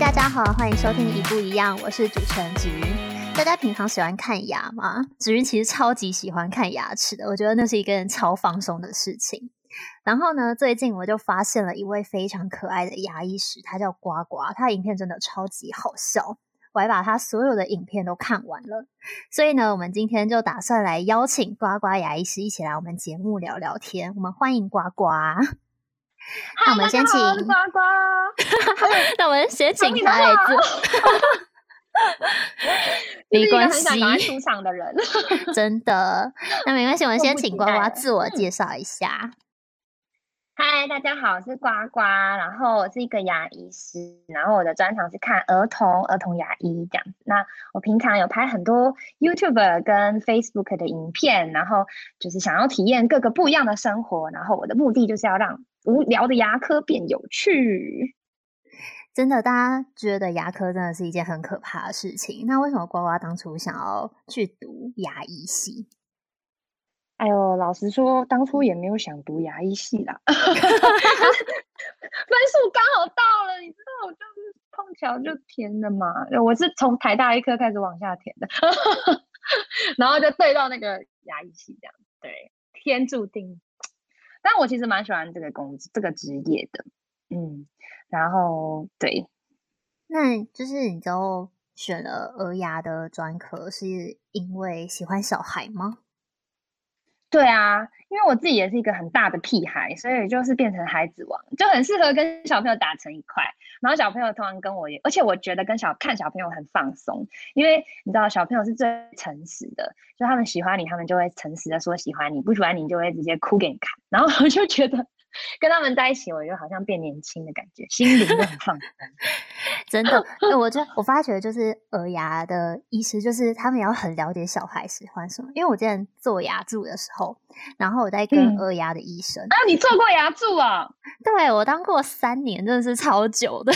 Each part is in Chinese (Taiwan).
大家好，歡迎收聽《醫不一樣》，我是主持人子雲。大家平常喜歡看牙嗎？子雲其實超級喜歡看牙齒的，我覺得那是一個人超放鬆的事情。然後呢，最近我就發現了一位非常可愛的牙醫師，他叫呱呱，他的影片真的超級好笑，我還把他所有的影片都看完了。所以呢，我們今天就打算來邀請呱呱牙醫師一起來我們節目聊聊天。我們歡迎呱呱。那我們先請。那 我們先請呱呱。那我們先請瓜子。啊啊、 是 沒關係。一次很出場的人。真的，那沒關係。我們先請呱呱自我介紹一下。嗨， Hi, 大家好，我是呱呱。然後我是一個牙醫師，然後我的專長是看兒童，兒童牙醫這樣子。那我平常有拍很多 YouTube 跟 Facebook 的影片，然後就是想要體驗各個不一樣的生活，然後我的目的就是要讓。無聊的牙科變有趣，真的，大家覺得牙科真的是一件很可怕的事情。那為什麼呱呱當初想要去讀牙醫系？哎呦，老實說，當初也沒有想讀牙醫系啦。 分數剛好到了，你知道，我就是碰巧就填的嘛。我是從台大醫科開始往下填的， 然後就對到那個牙醫系這樣，對，天註定。但我其實蠻喜歡這個工這個職業的，嗯，然後對，那就是你之後選了兒牙的專科，是因為喜歡小孩嗎？對啊，因為我自己也是一個很大的屁孩，所以就是變成孩子王，就很適合跟小朋友打成一塊。然後小朋友通常跟我，也而且我覺得跟小看小朋友很放鬆，因為你知道小朋友是最誠實的，就他們喜歡你，他們就會誠實的說喜歡你；不喜歡你就會直接哭給你看。然後我就覺得。跟他們在一起，我就好像變年輕的感覺，心靈都很放鬆。 真的，我就我發覺，就是兒牙的醫師，就是他們要很了解小孩喜歡什麼。因為我之前做牙助的時候，然後我在跟兒牙的醫生、嗯。啊，你做過牙助啊？對，我當過三年，真的是超久的。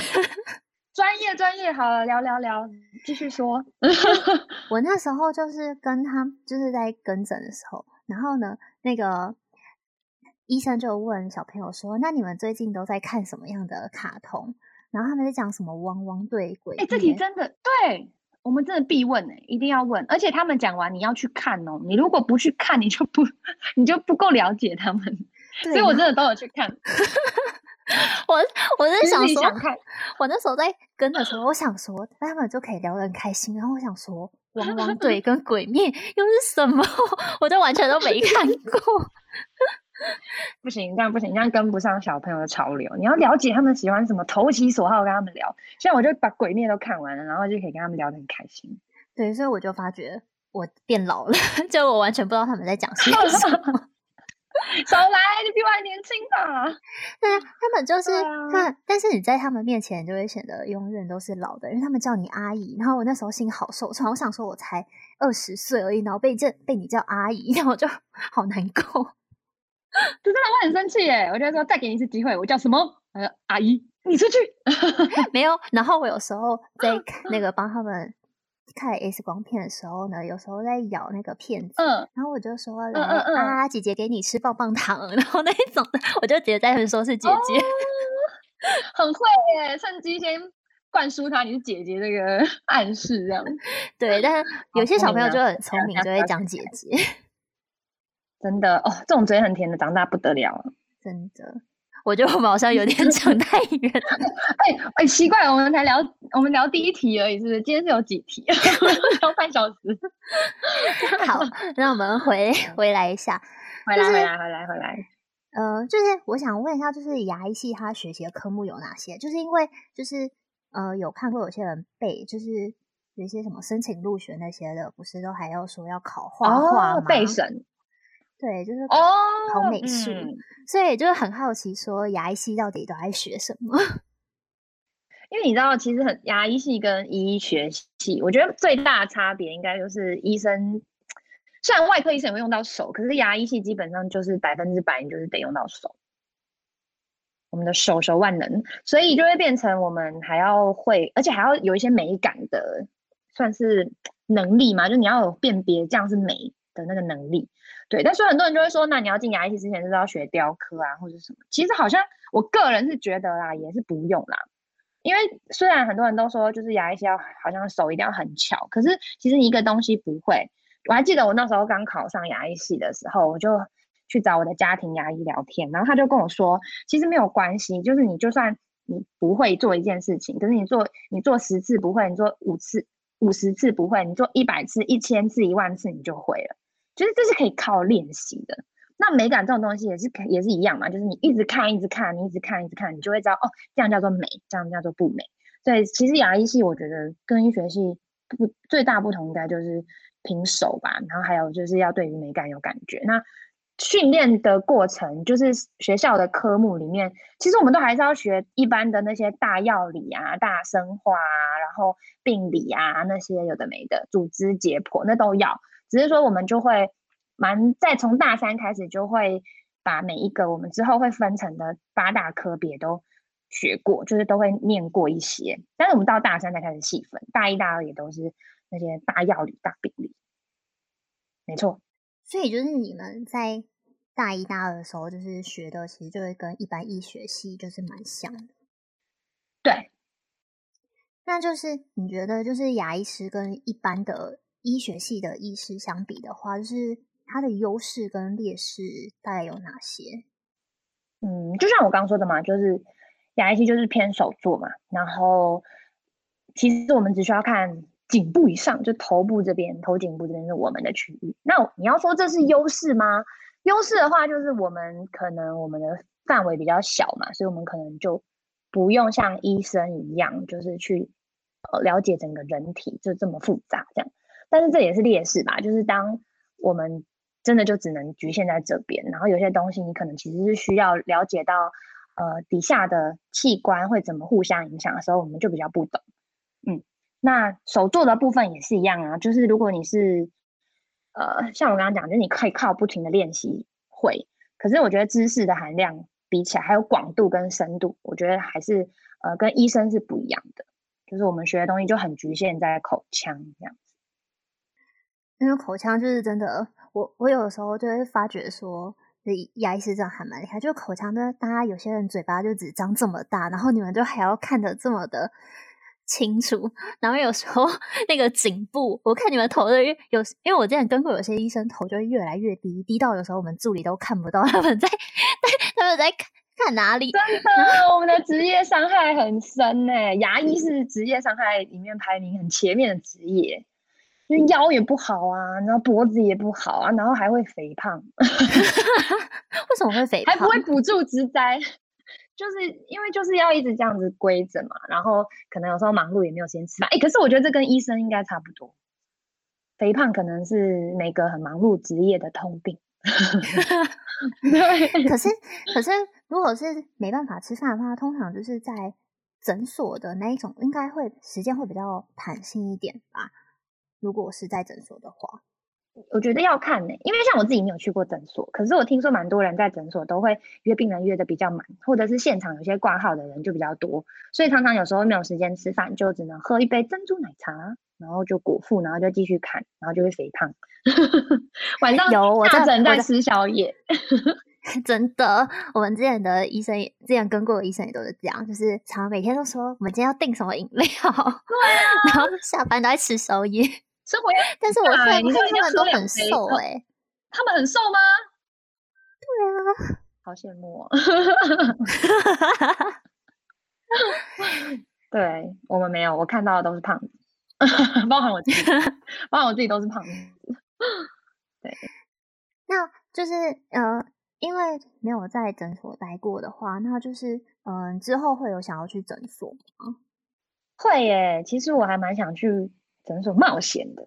專 業專業，好了，聊聊聊，繼續說。 我那時候就是跟他，就是在跟診的時候，然後呢，那個。醫生就問小朋友說：“那你們最近都在看什麼樣的卡通？”然後他們在講什麼《汪汪隊》《鬼滅》。哎，這題真的對我們真的必問誒、欸，一定要問。而且他們講完，你要去看哦、喔。你如果不去看，你就不你就不夠了解他們。所以我真的都有去看。 我我在想說我想，我那時候在跟着說，我想說，他們就可以聊得很開心。然後我想說，《汪汪隊》跟《鬼滅》又是什麼？我就完全都沒看過。 不行，這樣不行，這樣跟不上小朋友的潮流。你要了解他們喜歡什麼，投其所好，跟他們聊。現在我就把鬼滅都看完了，然後就可以跟他們聊得很開心。對，所以我就發覺我變老了，就 我完全不知道他們在講什麼。 少來，你比我還年輕吧、啊？那、 嗯、他們就是，但、嗯嗯、但是你在他們面前就會顯得永遠都是老的，因為他們叫你阿姨。然後我那時候心好受傷，我想說我才二十歲而已，然後被這被你叫阿姨，然後我就好難過。就是的會很生氣耶，欸！我就說再給你一次機會，我叫什麼？他說阿姨，你出去。 沒有。然後我有時候在那個幫他們看 X 光片的時候呢，有時候在咬那個片子，嗯、然後我就說了、嗯嗯嗯、啊，姐姐給你吃棒棒糖，然後那一種的，我就直接在那邊說，是姐姐，哦、 很會耶、欸，趁機先灌輸他你是姐姐這個暗示，這樣。對，但是有些小朋友就很聰明，聰明，啊，就會講姐姐。 真的哦，這種嘴很甜的，長大不得了，了。真的，我覺得我們好像有點扯太遠了。哎、欸、哎，奇怪，我們才聊，我們聊第一題而已，是不是？今天是有幾題啊？聊 半小時。好， 那我們回回來一下，回來、就是、回來回來回來。呃，就是我想問一下，就是牙醫系他學習的科目有哪些？就是因為就是呃，有看過有些人背，就是有一些什麼申請入學那些的，不是都還要說要考畫畫、哦、備審。對，就是哦，oh, 好美術、嗯，所以就是很好奇，說牙醫系到底都在學什麼？因為你知道，其實很牙醫系跟醫學系，我覺得最大的差別應該就是醫生，雖然外科醫生也會用到手，可是牙醫系基本上就是百分之百你就是得用到手。我們的手手萬能，所以就會變成我們還要會，而且還要有一些美感的，算是能力嘛，就你要有辨別這樣是美的那個能力。對，但是很多人就會說，那你要進牙醫系之前，就是要學雕刻啊，或者什麼。其實好像我個人是覺得啦，也是不用啦。因為雖然很多人都說，就是牙醫系要好像手一定要很巧，可是其實一個東西不會。我還記得我那時候剛考上牙醫系的時候，我就去找我的家庭牙醫聊天，然後他就跟我說，其實沒有關係，就是你就算你不會做一件事情，可是你做你做十次不會，你做五次五十次不會，你做一百次一千次一萬次你就會了。其實這是可以靠練習的。那美感這種東西也是，也是一樣嘛。就是你一直看，一直看，你一直看，一直看，你就會知道哦，這樣叫做美，這樣叫做不美。所以其實牙醫系我覺得跟醫學系不最大不同，應該就是平手吧。然後還有就是要對於美感有感覺。那訓練的過程，就是學校的科目裡面，其實我們都還是要學一般的那些大藥理啊、大生化啊，然後病理啊那些有的沒的，組織解剖那都要。只是說，我們就會蠻在從大三開始，就會把每一個我們之後會分成的八大科別都學過，就是都會念過一些。但是我們到大三才開始細分，大一大二也都是那些大藥理、大病理，沒錯。所以就是你們在大一大二的時候，就是學的，其實就會跟一般醫學系就是蠻像的。對。嗯，那就是你覺得，就是牙醫師跟一般的。醫學系的醫師相比的話，就是它的優勢跟劣勢大概有哪些？嗯，就像我剛剛說的嘛，就是牙醫就是偏手做嘛。然後其實我們只需要看頸部以上，就頭部這邊、頭頸部這邊是我們的區域。那你要說這是優勢嗎？嗯，優勢的話，就是我們可能我們的範圍比較小嘛，所以我們可能就不用像醫生一樣，就是去了解整個人體，就這麼複雜這樣。但是這也是劣勢吧，就是當我們真的就只能局限在這邊，然後有些東西你可能其實是需要了解到，呃，底下的器官會怎麼互相影響的時候，我們就比較不懂。嗯，那手做的部分也是一樣啊，就是如果你是，呃，像我剛剛講，就是你可以靠不停的練習會，可是我覺得知識的含量比起來還有廣度跟深度，我覺得還是呃跟醫生是不一樣的，就是我們學的東西就很局限在口腔這樣。因為口腔就是真的，我我有的時候就會發覺說，牙醫是這樣還蠻厲害。就口腔的，大家有些人嘴巴就只張這麼大，然後你們就還要看得這麼的清楚。然後有時候那個頸部，我看你們頭的有，因為我之前跟過有些醫生，頭就會越來越低，低到有時候我們助理都看不到他們在在他們在，他們在看，看哪裡。真的，我們的職業傷害很深呢。牙醫是職業傷害裡面排名很前面的職業。因、嗯、為腰也不好啊，然後脖子也不好啊，然後還會肥胖。 為什麼會肥胖？還不會補助職災。就是因為就是要一直這樣子規整嘛，然後可能有時候忙碌也沒有時間吃飯。哎、欸，可是我覺得這跟醫生應該差不多。肥胖可能是每個很忙碌職業的通病。 可。可是可是，如果是沒辦法吃飯的話，通常就是在診所的那一種，應該會時間會比較彈性一點吧。如果我是在診所的話，我覺得要看呢、欸，因為像我自己沒有去過診所，可是我聽說蠻多人在診所都會約病人約得比較滿，或者是現場有些掛號的人就比較多，所以常常有時候沒有時間吃飯，就只能喝一杯珍珠奶茶，然後就果腹，然後就繼續看，然後就會肥胖。 晚上有我在診在吃宵夜 真的，我們之前的醫生之前跟過的醫生也都是這樣，就是常常每天都說我們今天要訂什麼飲料， 然後下班都在吃宵夜。生活，但是我然看他們都很瘦哎、欸，啊、 他們很瘦嗎？對啊，好羨慕啊！對我們沒有，我看到的都是胖子， 包含我自己，包含我自己都是胖子。 對，那就是呃，因為沒有在診所待過的話，那就是嗯、呃，之後會有想要去診所嗎？會耶、欸，其實我還蠻想去。診所冒險的，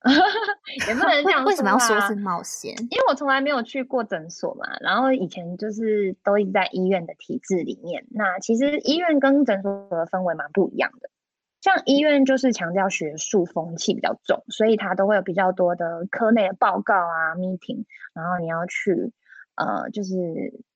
也不能這樣、啊、 為什麼要說是冒險？因為我從來沒有去過診所嘛，然後以前就是都一直在醫院的體制裡面。那其實醫院跟診所的氛圍蠻不一樣的。像醫院就是強調學術風氣比較重，所以它都會有比較多的科內的報告啊、meeting，然後你要去呃，就是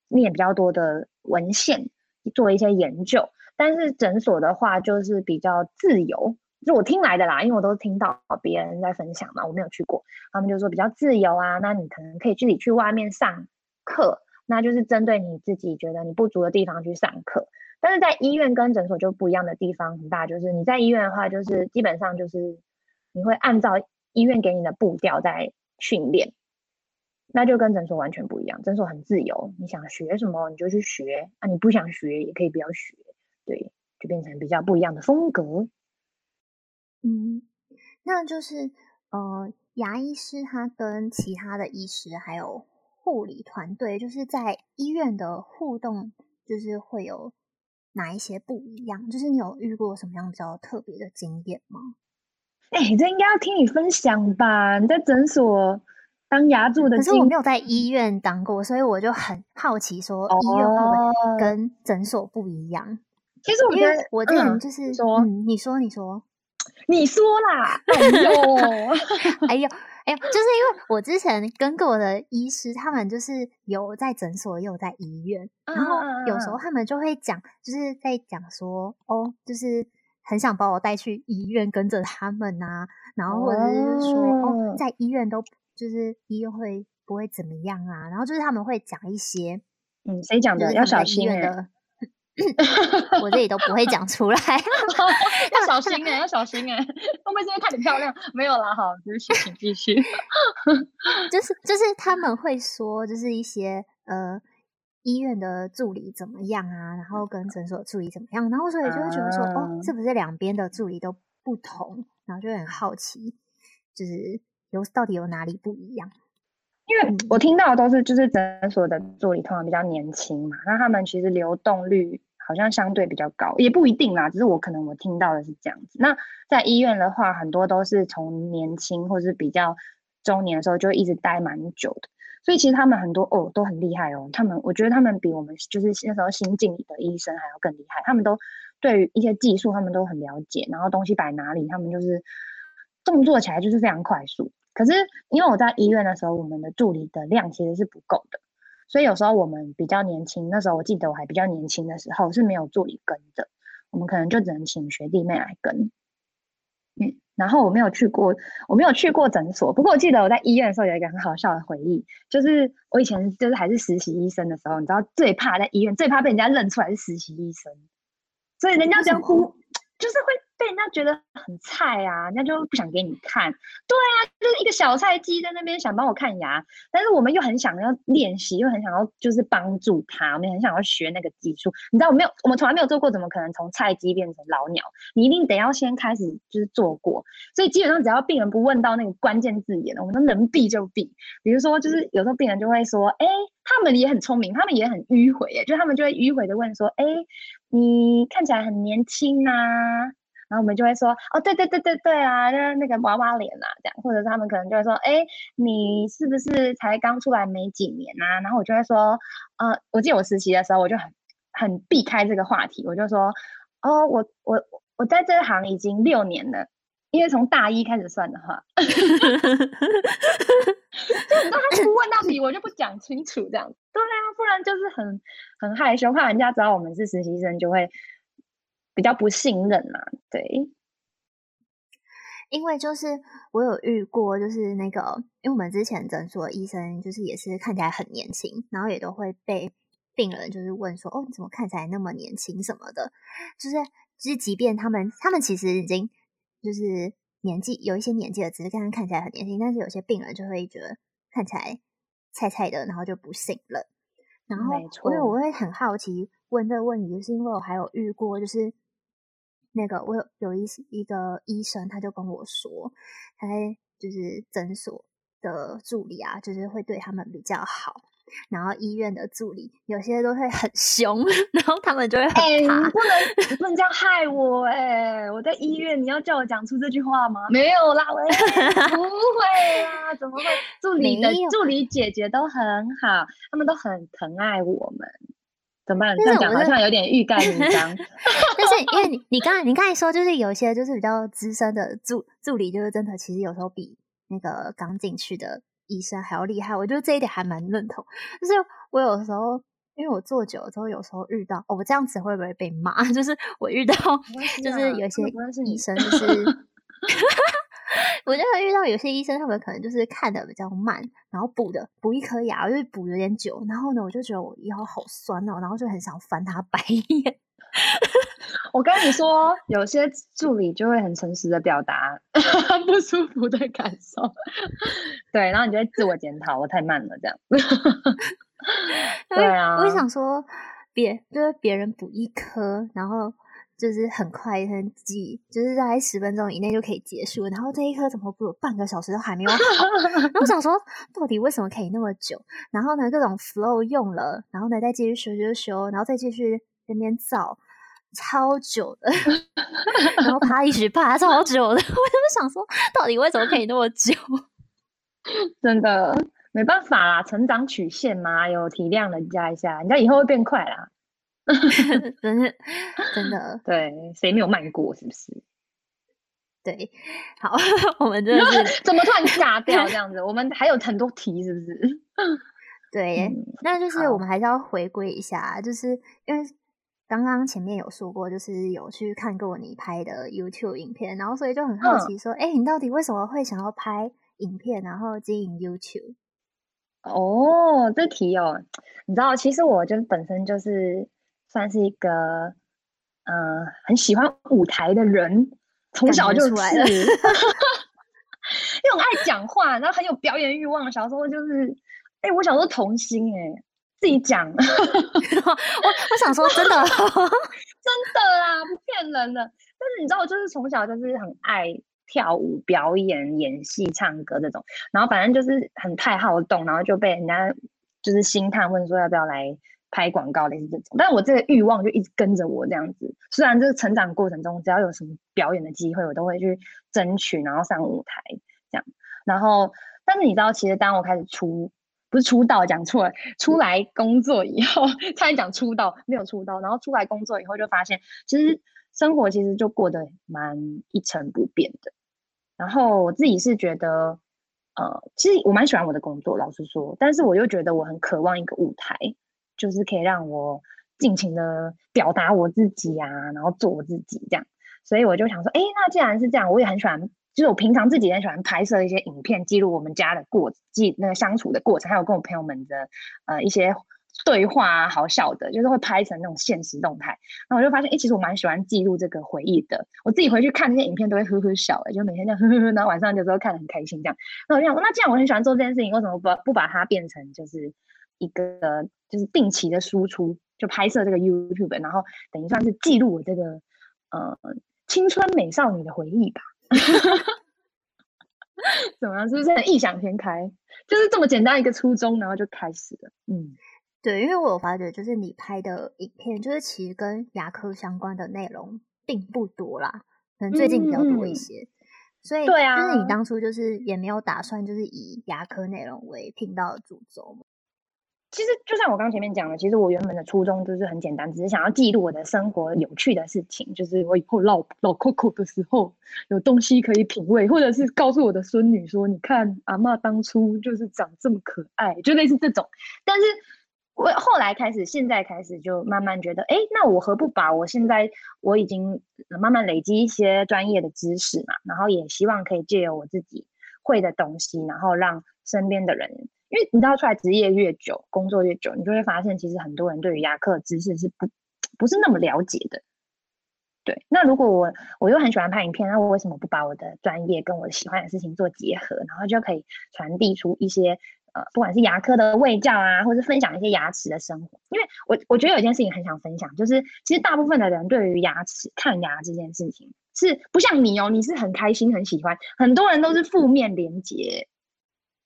念比較多的文獻，做一些研究。但是診所的話，就是比較自由。就是我聽來的啦，因為我都聽到別人在分享嘛，我沒有去過。他們就說比較自由啊，那你可能可以自己去外面上課，那就是針對你自己覺得你不足的地方去上課。但是在醫院跟診所就不一樣的地方很大，就是你在醫院的話，就是基本上就是你會按照醫院給你的步調在訓練，那就跟診所完全不一樣。診所很自由，你想學什麼你就去學，那、啊、你不想學也可以不要學，對，就變成比較不一樣的風格。嗯，那就是呃，牙醫師他跟其他的醫師還有護理團隊，就是在醫院的互動，就是會有哪一些不一樣？就是你有遇過什麼樣比較特別的經驗嗎？哎、欸，這應該要聽你分享吧？你在診所當牙助的，可是我沒有在醫院當過，所以我就很好奇，說醫院會跟診所不一樣。其實我覺得我這種就是說、嗯，你說，你說。你說啦， 哎呦喲、 哎，哎呦，哎呦，就是因為我之前跟過我的醫師，他們就是有在診所，也有在醫院，然後有時候他們就會講，就是在講說，哦，就是很想把我帶去醫院，跟着他們吶、啊，然後或者是說哦，哦，在醫院都就是醫院會不會怎麼樣啊？然後就是他們會講一些，嗯，誰講的、就是、的要小心、欸。 我這裡都不會講出來 要小心哎、欸， 要小心哎、欸， 後面真的太漂亮，沒有啦，好，繼續，請繼續， 就是就是他們會說，就是一些呃醫院的助理怎麼樣啊，然後跟診所助理怎麼樣，然後所以就會覺得說，嗯、哦，是不是兩邊的助理都不同，然後就很好奇，就是有到底有哪裡不一樣，因為我聽到的都是就是診所的助理通常比較年輕嘛，那他們其實流動率。好像相對比較高，也不一定啦。只是我可能我聽到的是這樣子。那在醫院的話，很多都是從年輕或是比較中年的時候就一直待蠻久的。所以其實他們很多哦，都很厲害哦。他們我覺得他們比我們就是那時候新進的醫生還要更厲害。他們都對於一些技術，他們都很了解。然後東西擺哪裡，他們就是動作起來就是非常快速。可是因為我在醫院的時候，我們的助理的量其實是不夠的。所以有時候我們比較年輕，那時候我記得我還比較年輕的時候是沒有助理跟的，我們可能就只能請學弟妹來跟。嗯，然後我沒有去過，我沒有去過診所。不過我記得我在醫院的時候有一個很好笑的回憶，就是我以前就是還是實習醫生的時候，你知道最怕在醫院，最怕被人家認出來是實習醫生，所以人家就哭，就是會，被人家覺得很菜啊，人家就不想給你看。對啊，就是一個小菜雞在那邊想幫我看牙，但是我們又很想要練習，又很想要就是幫助他，我們很想要學那個技術。你知道，我們沒有，我們從來沒有做過，怎麼可能從菜雞變成老鳥？你一定得要先開始就是做過。所以基本上只要病人不問到那個關鍵字眼，我們都能避就避。比如說，就是有時候病人就會說：“哎、欸，他們也很聰明，他們也很迂回。”就他們就會迂回的問說：“哎、欸，你看起來很年輕啊。”然後我們就會說哦，對對對對對啊，就是那個娃娃臉啊，這樣或者他們可能就會說，哎，你是不是才剛出來沒幾年啊？然後我就會說，呃，我記得我實習的時候，我就很很避開這個話題，我就說，哦，我我我在這行已經六年了，因為從大一開始算的話， 就你知道他們問到底我就不講清楚這樣，對啊，不然就是很很害羞，怕人家知道我們是實習生就會。比較不信任嘛、啊，對，因為就是我有遇過，就是那個，因為我們之前診所的醫生就是也是看起來很年輕，然後也都會被病人就是問說，哦，你怎麼看起來那麼年輕什麼的，就是就是，即便他們他們其實已經就是年紀有一些年紀了，只是剛剛看起來很年輕，但是有些病人就會覺得看起來菜菜的，然後就不信任，然後所以我會很好奇問這個問題，就是因為我還有遇過就是。那個，我有有一一個醫生，他就跟我說，他就是診所的助理啊，就是會對他們比較好。然後醫院的助理有些都會很凶，然後他們就會很、欸、不能不能這樣害我誒、欸、 我在醫院，你要叫我講出這句話嗎？ 沒有啦，我也不會啦、啊，怎麼會？助理的助理姐姐都很好，他們都很疼愛我們。怎麼辦？這樣講好像有點欲蓋彌彰。但是因為你你剛才你剛才說，就是有一些就是比較資深的助助理，就是真的其實有時候比那個剛進去的醫生還要厲害。我覺得這一點還蠻認同。就是我有時候因為我做久了之後，有時候遇到哦，我這樣子會不會被罵？就是我遇到就是有些醫生就是。 我就會遇到有些醫生，他們可能就是看的比較慢，然後補的補一顆牙，又補有點久，然後呢，我就覺得我腰好痠哦，然後就很想翻他白眼。 我跟你說，有些助理就會很誠實的表達 不舒服的感受， 對，然後你就會自我檢討， 我太慢了這樣 因為。對啊，我想說，別、就是別人補一顆，然後。就是很快，很急，就是大概十分鐘以內就可以結束。然後這一顆怎麼不有半個小時都還沒有好？ 然後我想說，到底為什麼可以那麼久？然後呢，各種 flow 用了，然後呢，再繼續修修修，然後再繼續邊邊造，超久的，然後他一直照超久的。我就想說，到底為什麼可以那麼久？真的沒辦法啦，成長曲線嘛，有體諒人家一下，人家以後會變快啦。 真的，真的，對，誰沒有賣過？是不是？對，好，我們這、就是、 怎麼突然下掉這樣子？ 我們還有很多題，是不是？對、嗯，那就是我們還是要回歸一下，就是因為剛剛前面有說過，就是有去看過你拍的 YouTube 影片，然後所以就很好奇說，哎、嗯欸，你到底為什麼會想要拍影片，然後經營 YouTube？哦，這個、題哦，你知道，其實我就本身就是。算是一個，嗯、呃，很喜歡舞臺的人，從小就是， 因為我愛講話，然後很有表演欲望。小時候就是，哎、欸，我想說童星哎、欸，自己講， 我我想說真的， 真的啊，不騙人的。但是你知道，我就是從小就是很愛跳舞、表演、演戲、唱歌這種，然後反正就是很太好動，然後就被人家就是星探問說要不要來。拍廣告類似這種，但是我這個慾望就一直跟着我這樣子。雖然這個成長過程中，只要有什麼表演的機會，我都會去爭取，然後上舞台這樣。然後，但是你知道，其實當我開始出，不是出道，講錯了，出來，來工作以後，差點講出道，沒有出道。然後出來工作以後，就發現其實生活其實就過得蠻一成不變的。然後我自己是覺得，呃，其實我蠻喜歡我的工作，老實說，但是我又覺得我很渴望一個舞台。就是可以讓我盡情的表達我自己啊，然後做我自己這樣，所以我就想說，哎、欸，那既然是這樣，我也很喜歡，就是我平常自己也很喜歡拍攝一些影片，記錄我們家的過記那個相處的過程，還有跟我朋友們的呃一些對話啊，好笑的，就是會拍成那種現實動態。那我就發現，哎、欸，其實我蠻喜歡記錄這個回憶的。我自己回去看那些影片，都會呵呵笑、欸，就每天這樣呵呵呵，然後晚上就都看得很開心這樣。那我就想說，那既然我很喜歡做這件事情，為什麼不不把它變成就是？一個就是定期的輸出，就拍攝這個 YouTube，然後等於算是記錄我這個呃青春美少女的回憶吧。 怎麼樣？是不是很異想天開？就是這麼簡單一個初衷，然後就開始了。嗯，對，因為我有發覺，就是你拍的影片，就是其實跟牙科相關的內容並不多啦，可能最近比較多一些。嗯，所以，對啊，就是你當初就是也沒有打算，就是以牙科內容為頻道的主軸嗎？其實就像我剛前面講了，其實我原本的初衷就是很簡單，只是想要記錄我的生活有趣的事情，就是我以後老老扣扣的時候有東西可以品味，或者是告訴我的孫女說：“你看，阿嬤當初就是長這麼可愛。”就類似這種。但是我後來開始，現在開始就慢慢覺得，哎，那我何不把我現在我已經慢慢累積一些專業的知識嘛，然後也希望可以借由我自己會的東西，然後讓身邊的人。因為你知道，出來職業越久，工作越久，你就會發現，其實很多人對於牙科的知識是不不是那麼了解的。對，那如果我我又很喜歡拍影片，那我為什麼不把我的專業跟我喜歡的事情做結合，然後就可以傳遞出一些呃，不管是牙科的衛教啊，或者是分享一些牙齒的生活。因為我我覺得有一件事情很想分享，就是其實大部分的人對於牙齒看牙這件事情是不像你哦，你是很開心，很喜歡，很多人都是負面連結。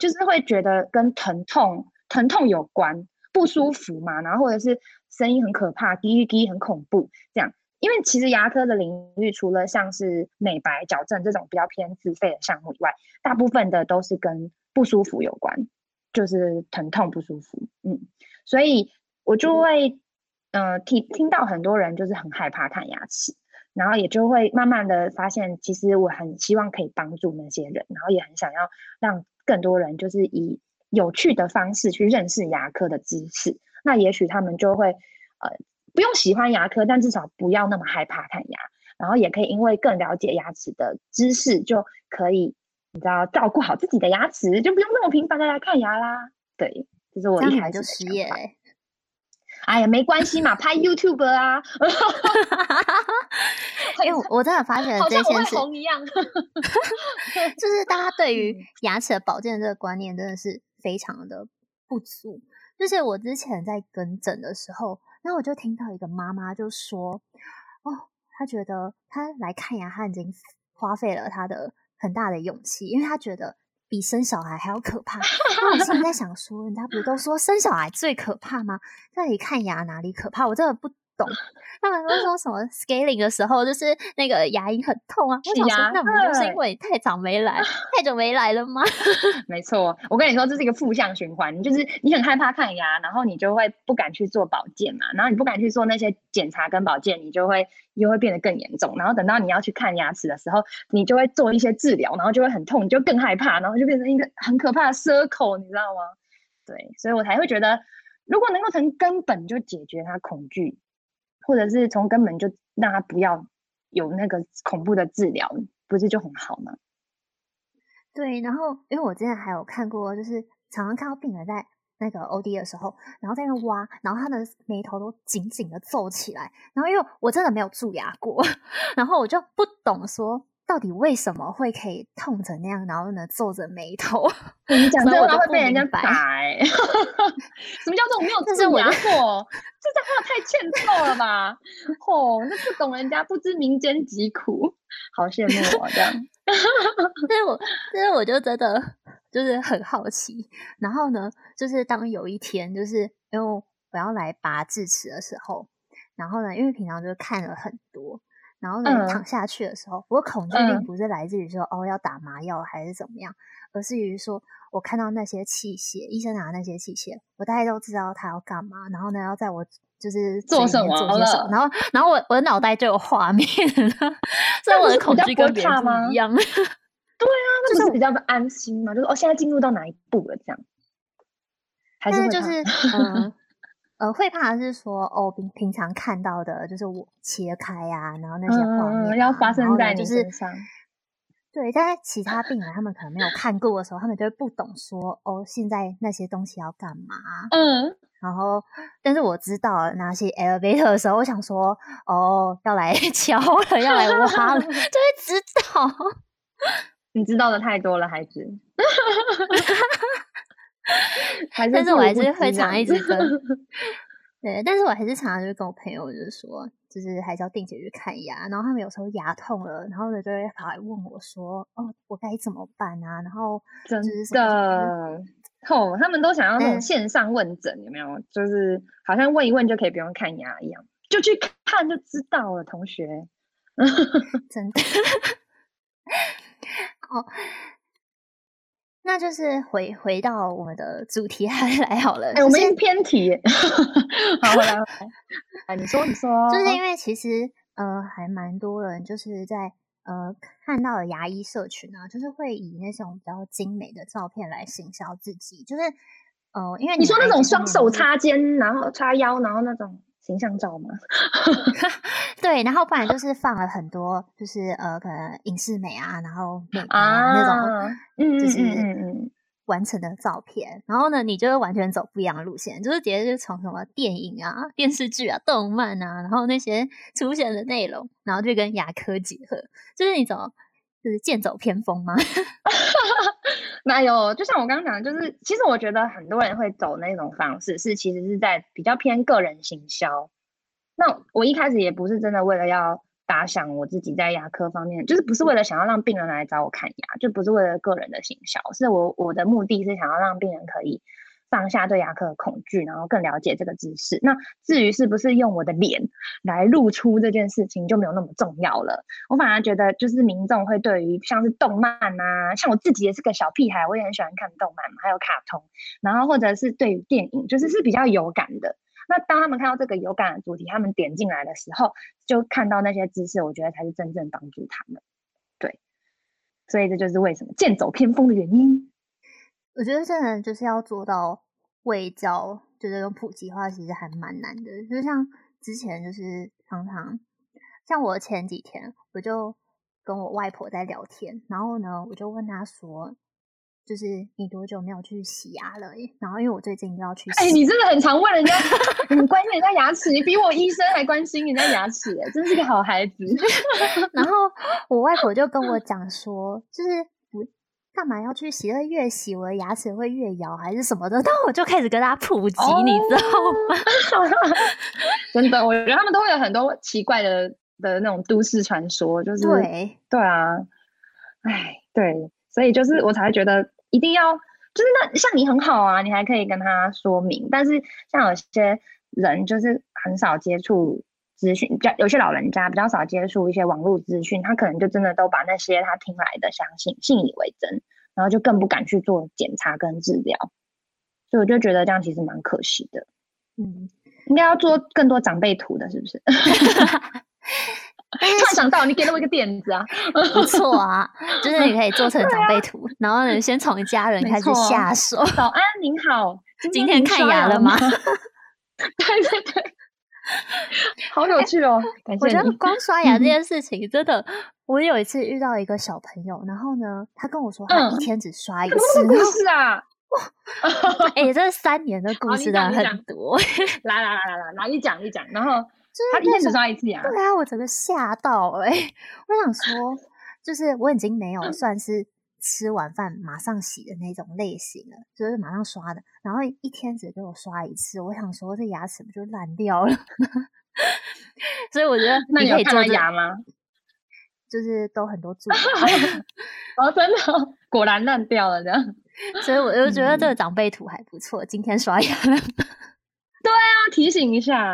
就是會覺得跟疼痛、疼痛有關，不舒服嘛，然後或者是聲音很可怕，滴滴滴很恐怖這樣。因為其實牙科的領域，除了像是美白、矯正這種比較偏自費的項目以外，大部分的都是跟不舒服有關，就是疼痛、不舒服。嗯，所以我就會，呃，聽聽到很多人就是很害怕看牙齒，然後也就會慢慢的發現，其實我很希望可以幫助那些人，然後也很想要讓更多人就是以有趣的方式去認識牙科的知識，那也許他們就會呃不用喜歡牙科，但至少不要那麼害怕看牙，然後也可以因為更了解牙齒的知識，就可以你知道照顧好自己的牙齒，就不用那麼頻繁的來看牙啦。對，這是我厲害就失業、欸、哎呀，沒關係嘛，拍 YouTube 啊！哎、 欸，我真的發現這些 樣。 就是大家對於牙齒的保健這個觀念真的是非常的不足。就是我之前在跟診的時候，那我就聽到一個媽媽就說：“哦，她覺得她來看牙她已經花費了她的很大的勇氣，因為她覺得比生小孩還要可怕。”那我現在想說，人家不是都說生小孩最可怕嗎？那你看牙哪裡可怕？我真的不。 他們都說什麼 scaling 的時候，就是那個牙齦很痛啊。為什麼？那不就是因為太早沒來， 太久沒來了嗎？ 沒錯，我跟你說，這是一個負向循環。你就是你很害怕看牙，然後你就會不敢去做保健嘛，然後你不敢去做那些檢查跟保健，你就會又會變得更嚴重。然後等到你要去看牙齒的時候，你就會做一些治療，然後就會很痛，你就更害怕，然後就變成一個很可怕的 circle。你知道嗎？對，所以我才會覺得，如果能夠從根本就解決他恐懼。或者是從根本就讓他不要有那個恐怖的治療，不是就很好嗎？對，然後因為我之前還有看過，就是常常看到病人在那個 OD 的時候，然後在那挖，然後他的眉頭都緊緊的皺起來，然後因為我真的沒有蛀牙過，然後我就不懂說。到底為什麼會可以痛成那樣？然後呢，皺着眉頭，嗯、你講這 我都會被人家擺白。 什麼叫做我沒有智齒我的錯？這句話太欠揍了吧！吼，那不懂人家不知民間疾苦， 好羡慕我這樣， 所以我，所以我就覺得就是很好奇。然後呢，就是當有一天就是因為我要來拔智齒的時候，然後呢，因為平常就看了很多。然後呢、嗯、躺下去的時候，我的恐懼並不是來自於說、嗯、哦要打麻藥還是怎麼樣，而是於說我看到那些器械，醫生拿那些器械，我大概都知道他要幹嘛，然後呢，要在我就是面做，些什做什麼然後然後我我的腦袋就有畫面了， 所以我的恐懼跟別人一樣。就是、 對啊，就是比較的安心嘛，就是哦現在進入到哪一步了這樣，還是，但是就是嗯。呃 呃，會怕的是說哦，平平常看到的就是我切開呀、啊，然後那些畫面、啊嗯、要發生在你身上。對，在其他病人他們可能沒有看過的時候， 他們就會不懂說哦，現在那些東西要幹嘛？嗯。然後，但是我知道那些 elevator 的時候，我想說哦，要來敲了，要來挖了，就會知道。你知道的太多了，孩子。但是我還是會常一直跟，對，但是我還是常常就跟我朋友就是說，就是還是要定期去看牙。然後他們有時候牙痛了，然後就會跑來問我說：“哦，我該怎麼辦啊？”然後真的痛，哦，他們都想要那種線上問診，嗯，有沒有？就是好像問一問就可以不用看牙一樣，就去看就知道了。同學，真 的 哦。那就是回回到我們的主題還來好了，欸、我們偏題。 好來。哎， 你說你說、哦，就是因為其實呃，還蠻多人就是在呃看到牙醫社群啊，就是會以那種比較精美的照片來行銷自己，就是哦、呃，因為你，你說那種雙手插肩，然後插腰，然後那種。形象照嗎？ 對，然後不然就是放了很多，就是呃，可能影視美啊，然後美啊，啊那種，就是完成的照片。嗯嗯嗯，然後呢，你就會完全走不一樣的路線，就是直接就從什麼電影啊、電視劇啊、動漫啊，然後那些出現的內容，然後就跟牙科結合，就是那種就是劍走偏鋒嗎？ 那有，就像我剛剛講的，就是其實我覺得很多人會走那種方式，是其實是在比較偏個人行銷。那我一開始也不是真的為了要打響我自己在牙科方面，就是不是為了想要讓病人來找我看牙，就不是為了個人的行銷，是我我的目的是想要讓病人可以。放下對牙科的恐懼，然後更了解這個知識。那至於是不是用我的臉來露出這件事情，就沒有那麼重要了。我反而覺得，就是民眾會對於像是動漫啊，像我自己也是個小屁孩，我也很喜歡看動漫嘛，還有卡通，然後或者是對於電影，就是是比較有感的。那當他們看到這個有感的主題，他們點進來的時候，就看到那些知識，我覺得才是真正幫助他們。對，所以這就是為什麼劍走偏鋒的原因。我覺得現在就是要做到衛教，就這、是、種普及化，其實還蠻難的。就像之前，就是常常像我前幾天，我就跟我外婆在聊天，然後呢，我就問她說，就是你多久沒有去洗牙了？然後因為我最近要去洗，哎、欸，你真的很常問人家， 很關心人家牙齒，你比我醫生還關心人家牙齒，真是個好孩子。 然後我外婆就跟我講說，就是。幹嘛要去洗？會越洗我的牙齒會越咬，還是什麼的？但我就開始跟他普及，哦、你知道嗎？ 真的，我覺得他們都會有很多奇怪的的那種都市傳說，就是對對啊，哎，對，所以就是我才會覺得一定要，就是那像你很好啊，你還可以跟他說明，但是像有些人就是很少接觸。有些老人家比較少接觸一些網絡資訊，他可能就真的都把那些他聽來的相信，信以為真，然後就更不敢去做檢查跟治療，所以我就覺得這樣其實蠻可惜的。嗯、應該要做更多長輩圖的，是不是？突 然 想到，你給了我一個點子啊，不 錯啊，就是你可以做成長輩圖、 啊，然後呢，先從家人開始下手。早、啊、 安，您好，今，今天看牙了嗎？ 對對對。 好有趣哦、欸感！我覺得光刷牙這件事情 真的，我有一次遇到一個小朋友， 然後呢，他跟我說，他一天只刷一次，是、嗯、啊，哇，哎，這是三年的故事的 很多， 來來來來來，那你講一講，然後、就是、他一天只刷一次牙、啊，對啊，我整個嚇到哎、欸， 我想說，就是我已經沒有算是。 吃完飯馬上洗的那種類型的，就是馬上刷的，然後一,一天只給我刷一次。我想說，這牙齒不就爛掉了？所以我覺得， 那你可以做牙嗎？ 就是都很多蛀牙。 哦，真的，果然爛掉了這樣。所以我就覺得這個長輩圖還不錯，嗯。今天刷牙了。對啊，提醒一下，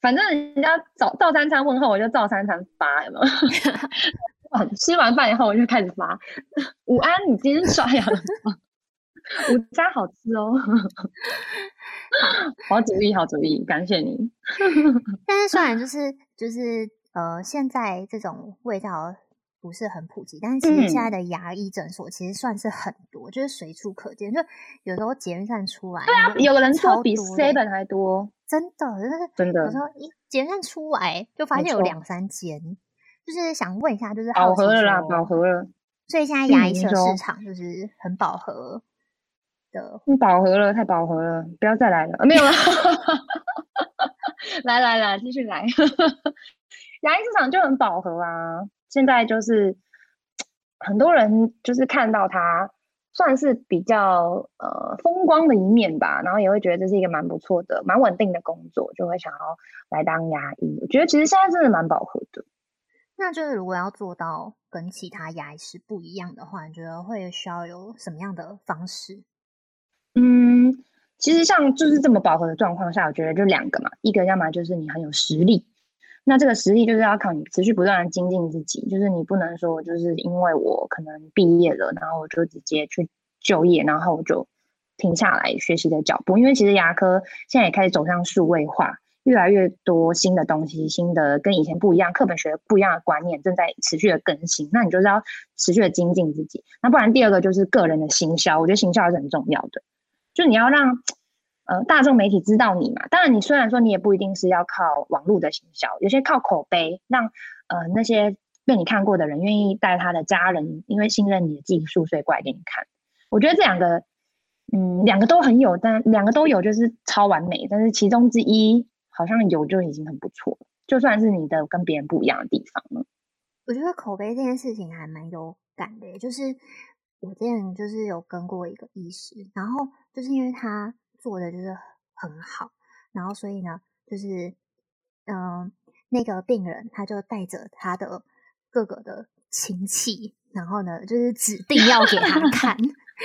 反正人家照三餐問候，我就照三餐發。有 哦、吃完飯以後，我就開始發。午安，你今天刷牙了嗎？午 餐好吃哦。 好主意，好主意，感謝你。但是雖然就是就是呃，現在這種味道不是很普及，但是其實現在的牙醫診所其實算是很多，嗯、就是隨處可見。就有時候檢驗出來，對啊，有個人說比 seven 還多，真的，真的，真的。有時候一檢驗出來，就發現有兩三間。就是想問一下，就是飽和了啦，飽和了，所以現在牙醫市場就是很飽和的，飽和了，太飽和了，不要再來了，啊、沒有了， 來來來，繼續來， 牙醫市場就很飽和啊。現在就是很多人就是看到它算是比較呃風光的一面吧，然後也會覺得這是一個蠻不錯的、蠻穩定的工作，就會想要來當牙醫。我覺得其實現在真的蠻飽和的。那就是如果要做到跟其他牙醫是不一樣的話，你覺得會需要有什麼樣的方式？嗯，其實像就是這麼飽和的狀況下，我覺得就兩個嘛，一個要麼就是你很有實力，那這個實力就是要靠你持續不斷的精進自己，就是你不能說就是因為我可能畢業了，然後我就直接去就業，然後我就停下來學習的腳步，因為其實牙科現在也開始走向數位化。越來越多新的東西，新的跟以前不一樣，課本學不一樣的觀念正在持續的更新，那你就是要持續的精進自己。那不然第二個就是個人的行銷，我覺得行銷還是很重要的，就你要讓呃大眾媒體知道你嘛。當然你雖然說你也不一定是要靠網絡的行銷，有些靠口碑，讓呃那些被你看過的人願意帶他的家人，因為信任你的技術，所以過來給你看。我覺得這兩個嗯兩個都很有，但兩個都有就是超完美，但是其中之一。好像有就已經很不錯了，就算是你的跟別人不一樣的地方了。我覺得口碑這件事情還蠻有感的、欸，就是我之前就是有跟過一個醫師，然後就是因為他做的就是很好，然後所以呢，就是嗯、呃，那個病人他就帶着他的各個的親戚，然後呢就是指定要給他看，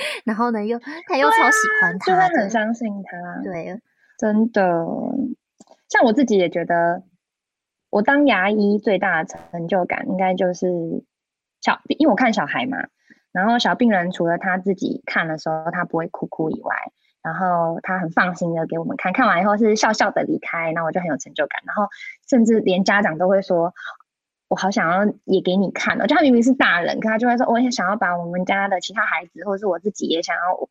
然後呢又他又超喜歡他、啊，就是、很相信他，對，真的。像我自己也覺得，我當牙醫最大的成就感，應該就是小，因為我看小孩嘛。然後小病人除了他自己看的時候他不會哭哭以外，然後他很放心的給我們看，看完以後是笑笑的離開，那我就很有成就感。然後甚至連家長都會說，我好想要也給你看我。哦、就他明明是大人，可他就會說，我、哦、也想要把我們家的其他孩子，或者是我自己也想要我。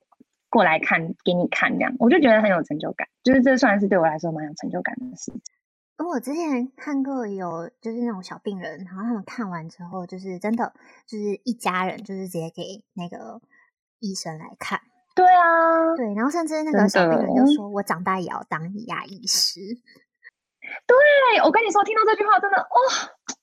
過來看給你看，這樣我就覺得很有成就感。就是這算是對我來說蠻有成就感的事情、哦。我之前看過有就是那種小病人，然後他們看完之後，就是真的就是一家人，就是直接給那個醫生來看。對啊，對。然後甚至那個小病人就說：“我長大也要當牙、啊、醫師。”對，我跟你說，聽到這句話真的，哇、哦！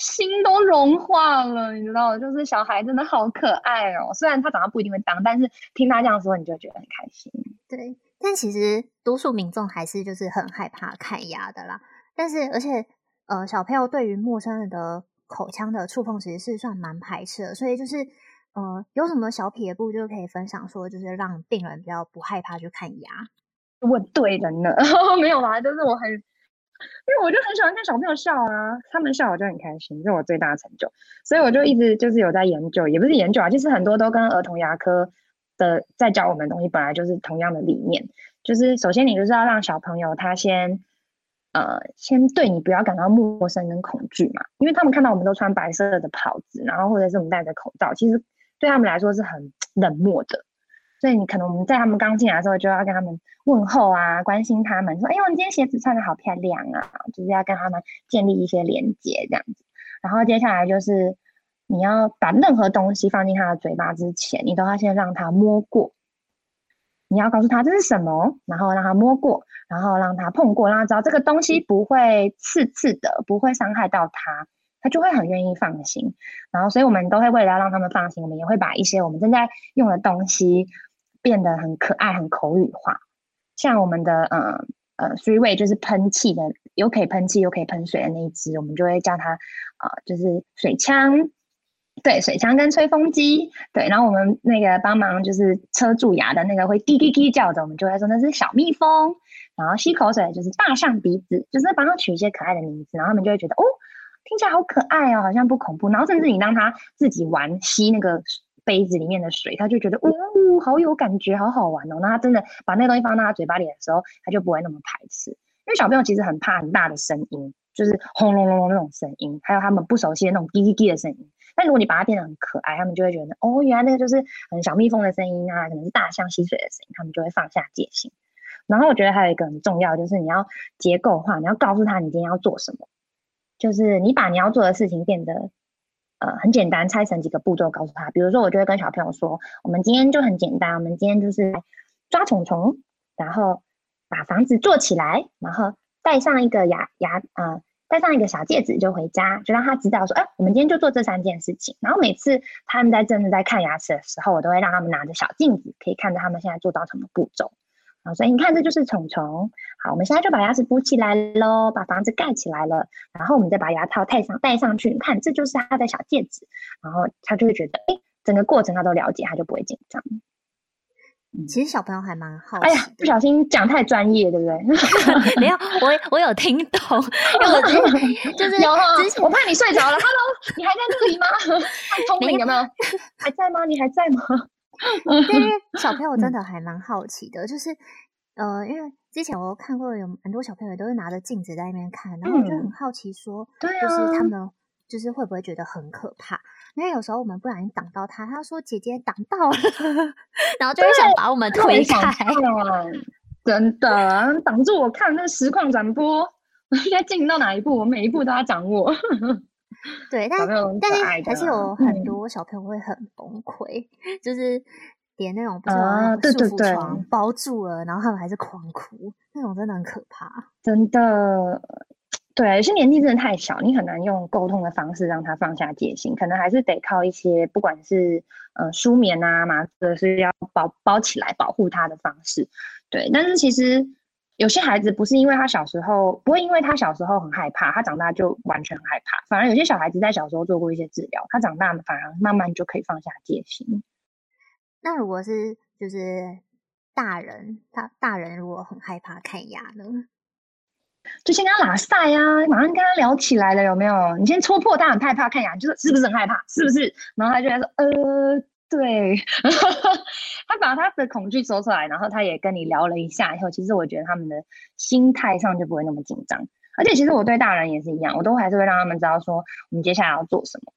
心都融化了，你知道嗎？就是小孩真的好可愛哦。雖然他長大不一定會當，但是聽他這樣說，你就覺得很開心。對，但其實多數民眾還是就是很害怕看牙的啦。但是而且，呃，小朋友對於陌生人的口腔的觸碰其實是算蠻排斥的，所以就是，呃，有什麼小撇步就可以分享，說就是讓病人比較不害怕去看牙。問對人了， 沒有吧、啊？就是我很。 因為我就很喜歡看小朋友笑啊，他們笑我就很開心，這是我最大成就。所以我就一直就是有在研究，也不是研究啊，就是很多都跟兒童牙科的在教我們的東西，本來就是同樣的理念。就是首先你就是要讓小朋友他先，呃，先對你不要感到陌生跟恐懼嘛，因為他們看到我們都穿白色的袍子，然後或者是我們戴着口罩，其實對他們來說是很冷漠的。所以你可能我們在他們剛進來的時候就要跟他們問候啊，關心他們，說：“哎呦，你今天鞋子穿得好漂亮啊！”就是要跟他們建立一些連接這樣子。然後接下來就是你要把任何東西放進他的嘴巴之前，你都要先讓他摸過。你要告訴他這是什麼，然後讓他摸過，然後讓他碰過，然後只要這個東西不會刺刺的，不會傷害到他，他就會很願意放心。然後，所以我們都會為了要讓他們放心，我們也會把一些我們正在用的東西。變得很可愛，很口語化，像我們的呃呃水 y 就是噴氣的，又可以噴氣又可以噴水的那一隻，我們就會叫它啊、呃，就是水槍，對，水槍跟吹風機，對，然後我們那個幫忙就是車蛀牙的那個會滴滴滴叫的，我們就會說那是小蜜蜂，然後吸口水就是大象鼻子，就是幫他取一些可愛的名字，然後他們就會覺得哦，聽起來好可愛哦，好像不恐怖，然後甚至你讓他自己玩吸那個。杯子裡面的水，他就覺得，嗚、哦，好有感覺，好好玩哦。那他真的把那個東西放到他嘴巴裡的時候，他就不會那麼排斥，因為小朋友其實很怕很大的聲音，就是轟隆隆隆那種聲音，還有他們不熟悉的那種滴滴滴的聲音。但如果你把它變得很可愛，他們就會覺得，哦，原來那個就是很小蜜蜂的聲音啊，可能是大象吸水的聲音，他們就會放下戒心。然後我覺得還有一個很重要，就是你要結構化，你要告訴他你今天要做什麼，就是你把你要做的事情變得。呃，很簡單，拆成幾個步驟告訴他。比如說，我就會跟小朋友說，我們今天就很簡單，我們今天就是來抓蟲蟲，然後把房子做起來，然後戴上一個牙牙啊，呃，戴上一個小戒指就回家，就讓他知道說，哎、欸，我們今天就做這三件事情。然後每次他們在正在看牙齒的時候，我都會讓他們拿着小鏡子，可以看到他們現在做到什麼步驟。好，所以你看，這就是蟲蟲。好，我們現在就把牙齒補起來嘍，把房子蓋起來了，然後我們再把牙套戴上，戴上去。你看，這就是他的小戒指。然後他就會覺得，哎，整個過程他都了解，他就不會緊張。嗯，其實小朋友還蠻好的。哎呀，不小心講太專業，對不對？ 沒有，我我有聽懂， 我是就是， 是我怕你睡着了。Hello， 你還在這裡嗎？聰 明有沒有？還在嗎？你還在嗎？ 因為小朋友真的還蠻好奇的， 就是呃，因為之前我看過有很多小朋友都是拿着鏡子在那邊看，然後我就很好奇說，就是他們就是會不會覺得很可怕？嗯啊、因為有時候我們不小心擋到他，他說姐姐擋到了， 然後就會想把我們推開。的真的擋住我看那個實況轉播，我應該進行到哪一步？我每一步都要掌握。 對，但是、啊、但是還是有很多小朋友會很崩潰、嗯，就是連那種束縛床包住了、嗯對對對，然後他們還是狂哭，那種真的很可怕。真的，對、啊，有些年紀真的太小，你很難用溝通的方式讓他放下戒心，可能還是得靠一些不管是呃舒眠啊嘛，或者是要包包起來保護他的方式。對，但是其實。有些孩子不是因為他小時候不會，因為他小時候很害怕，他長大就完全害怕。反而有些小孩子在小時候做過一些治療，他長大反而慢慢就可以放下戒心。那如果是就是大人，他大，大人如果很害怕看牙呢？就先跟他拉賽呀，馬上跟他聊起來了，有沒有？你先戳破他很害怕看牙，你就說是不是很害怕？是不是？然後他就來說，呃。對， 他把他的恐懼說出來，然後他也跟你聊了一下以後，其實我覺得他們的心態上就不會那麼緊張。而且其實我對大人也是一樣，我都還是會讓他們知道說我們接下來要做什麼，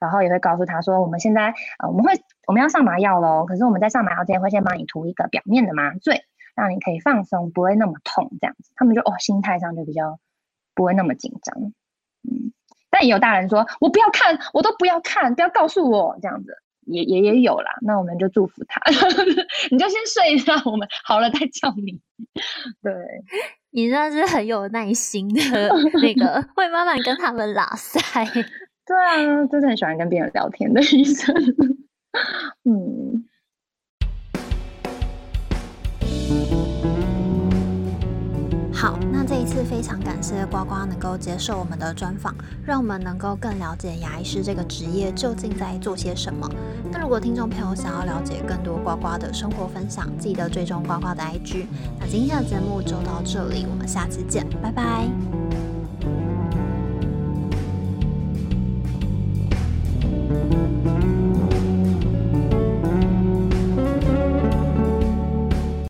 然後也會告訴他說我們現在啊、呃、我們會我們要上麻藥咯，可是我們在上麻藥之前會先幫你塗一個表面的麻醉，讓你可以放鬆，不會那麼痛這樣子。他們就哦，心態上就比較不會那麼緊張，嗯。但也有大人說我不要看，我都不要看，不要告訴我這樣子。也也也有啦，那我們就祝福他， 你就先睡一下，我們好了再叫你。對，你算是很有耐心的， 那個會慢慢跟他們拉塞。 對啊，就是很喜歡跟別人聊天的醫生。 嗯。好，那這一次非常感謝呱呱能夠接受我們的專訪，讓我們能夠更了解牙醫師這個職業究竟在做些什麼。那如果聽眾朋友想要了解更多呱呱的生活分享，記得追蹤呱呱的 IG。那今天的節目就到這裡，我們下次見，拜拜。